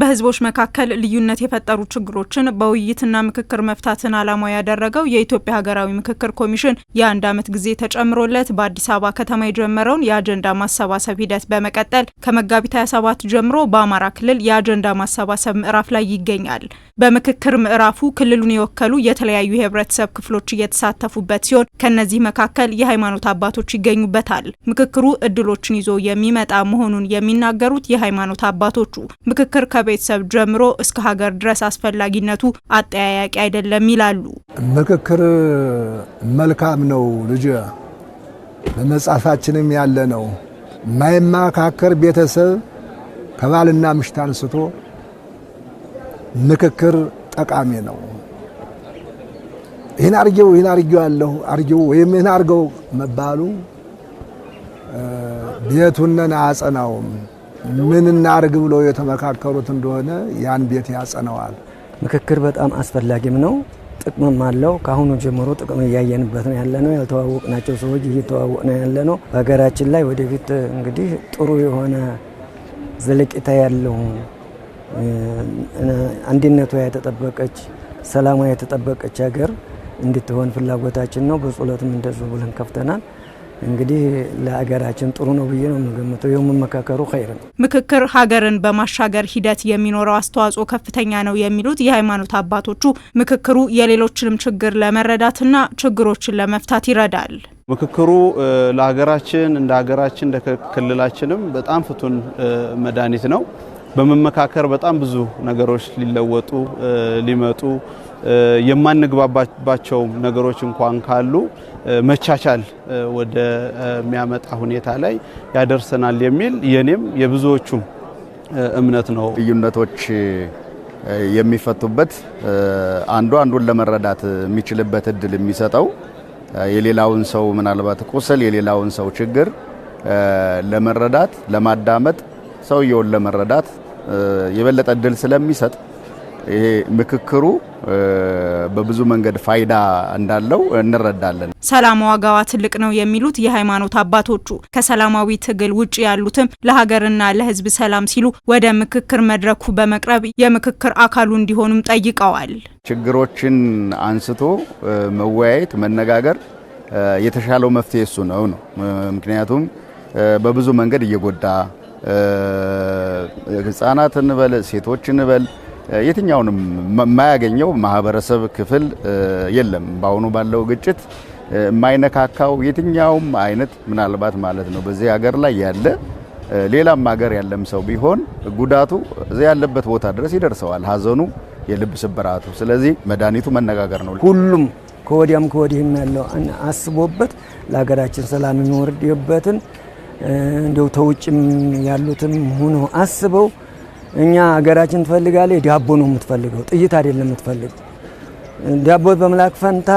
በህዝቦች መካከል ልዩነት የፈጠሩ ችግሮችን በውይይትና ምክክር መፍታትን ዓላማው ያደረገው የኢትዮጵያ ሀገራዊ ምክክር ኮሚሽን የአንድ ዓመት ጊዜ ተጨምሮለት በአዲስ አበባ ከተማ የጀመረውን የአጀንዳ ማሰባሰብ ሂደት በመቀጠል ከመጋቢት 27 ጀምሮ በአማራ ክልል የአጀንዳ ማሰባሰብ ምዕራፍ ላይ ይገኛል። በምክክር ምዕራፉ ክልሉን የወከሉ የተለያዩ የህብረተሰብ ክፍሎች እየተሳተፉበት ሲሆን ከእነዚህ መካከል የሃይማኖት አባቶች ይገኙበታል። ምክክሩ እድሎችን ይዞ የሚመጣ መሆኑን የሚናገሩት የሃይማኖት አባቶቹ ምክክር ከቤተሰብ ጀምሮ እስከ ሀገር ድረስ አስፈላጊነቱ አጠያያቂ አይደለም ይላሉ። ምክክር መልካም ነው። ልጅ በመጻፋችንም ያለ ነው። ማይማካከር ቤተሰብ ከባልና ምሽት አንስቶ ምክክር ጠቃሚ ነው። ይህን አርጌው ይህን አርጌው ያለሁ አርጌው ወይም ይህን አርገው መባሉ ቤቱነን አያጸናውም። ምን እናርግ ብሎ የተመካከሩት እንደሆነ ያን ቤት ያጸነዋል። ምክክር በጣም አስፈላጊም ነው፣ ጥቅምም አለው። ከአሁኑ ጀምሮ ጥቅም እያየንበት ነው ያለ ነው። ያልተዋወቅናቸው ሰዎች እየተዋወቅ ነው ያለ ነው። በሀገራችን ላይ ወደፊት እንግዲህ ጥሩ የሆነ ዘለቂታ ያለው አንድነቷ የተጠበቀች ሰላሟ የተጠበቀች ሀገር እንድትሆን ፍላጎታችን ነው። በጸሎትም እንደዙ ብለን ከፍተናል። እንግዲህ ለሀገራችን ጥሩ ነው ብዬ ነው የምገምተው። የመመካከሩ ኸይር ነው። ምክክር ሀገርን በማሻገር ሂደት የሚኖረው አስተዋጽኦ ከፍተኛ ነው የሚሉት የሃይማኖት አባቶቹ ምክክሩ የሌሎችንም ችግር ለመረዳትና ችግሮችን ለመፍታት ይረዳል። ምክክሩ ለሀገራችን እንደ ሀገራችን እንደ ክልላችንም በጣም ፍቱን መድኃኒት ነው። በመመካከር በጣም ብዙ ነገሮች ሊለወጡ ሊመጡ የማንግባባባቸው ነገሮች እንኳን ካሉ መቻቻል ወደ የሚያመጣ ሁኔታ ላይ ያደርሰናል የሚል የኔም የብዙዎቹም እምነት ነው። ልዩነቶች የሚፈቱበት አንዱ አንዱን ለመረዳት የሚችልበት እድል የሚሰጠው የሌላውን ሰው ምናልባት ቁስል የሌላውን ሰው ችግር ለመረዳት ለማዳመጥ ሰውየውን ለመረዳት የበለጠ እድል ስለሚሰጥ ይሄ ምክክሩ በብዙ መንገድ ፋይዳ እንዳለው እንረዳለን። ሰላም ዋጋዋ ትልቅ ነው የሚሉት የሃይማኖት አባቶቹ ከሰላማዊ ትግል ውጭ ያሉትም ለሀገርና ለሕዝብ ሰላም ሲሉ ወደ ምክክር መድረኩ በመቅረብ የምክክር አካሉ እንዲሆኑም ጠይቀዋል። ችግሮችን አንስቶ መወያየት፣ መነጋገር የተሻለው መፍትሄ እሱ ነው ነው ምክንያቱም በብዙ መንገድ እየጎዳ ህጻናት እንበል ሴቶች እንበል የትኛውንም የማያገኘው ማህበረሰብ ክፍል የለም። በአሁኑ ባለው ግጭት የማይነካካው የትኛውም አይነት ምናልባት ማለት ነው በዚህ ሀገር ላይ ያለ ሌላም ሀገር ያለም ሰው ቢሆን ጉዳቱ እዚያ ያለበት ቦታ ድረስ ይደርሰዋል። ሀዘኑ፣ የልብ ስብራቱ። ስለዚህ መድኃኒቱ መነጋገር ነው። ሁሉም ከወዲያም ከወዲህም ያለው አስቦበት ለሀገራችን ሰላም የሚወርድበትን እንዲው ተውጭም ያሉትም ሆኖ አስበው እኛ ሀገራችን ትፈልጋለች፣ ዳቦ ነው የምትፈልገው፣ ጥይት አይደለም የምትፈልገው። ዳቦ በመላክ ፈንታ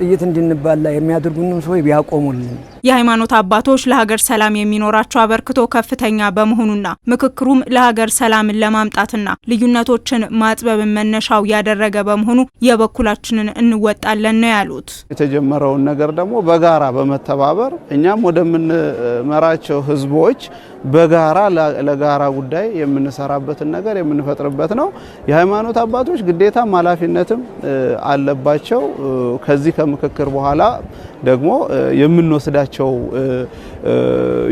ጥይት እንድንባላ የሚያደርጉንም ሰዎች ቢያቆሙልን የሃይማኖት አባቶች ለሀገር ሰላም የሚኖራቸው አበርክቶ ከፍተኛ በመሆኑና ምክክሩም ለሀገር ሰላምን ለማምጣትና ልዩነቶችን ማጥበብን መነሻው ያደረገ በመሆኑ የበኩላችንን እንወጣለን ነው ያሉት። የተጀመረውን ነገር ደግሞ በጋራ በመተባበር እኛም ወደምንመራቸው ህዝቦች በጋራ ለጋራ ጉዳይ የምንሰራበትን ነገር የምንፈጥርበት ነው። የሃይማኖት አባቶች ግዴታም ኃላፊነትም አለባቸው። ከዚህ ከምክክር በኋላ ደግሞ የምንወስዳቸው የምንሰራቸው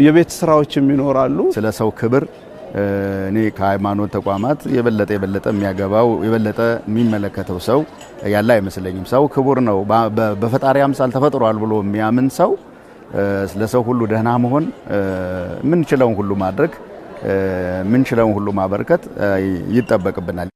የቤት ስራዎችም ይኖራሉ። ስለ ሰው ክብር እኔ ከሃይማኖት ተቋማት የበለጠ የበለጠ የሚያገባው የበለጠ የሚመለከተው ሰው ያለ አይመስለኝም። ሰው ክቡር ነው። በፈጣሪ አምሳል ተፈጥሯል ብሎ የሚያምን ሰው ለሰው ሁሉ ደህና መሆን፣ የምንችለውን ሁሉ ማድረግ፣ የምንችለውን ሁሉ ማበርከት ይጠበቅብናል።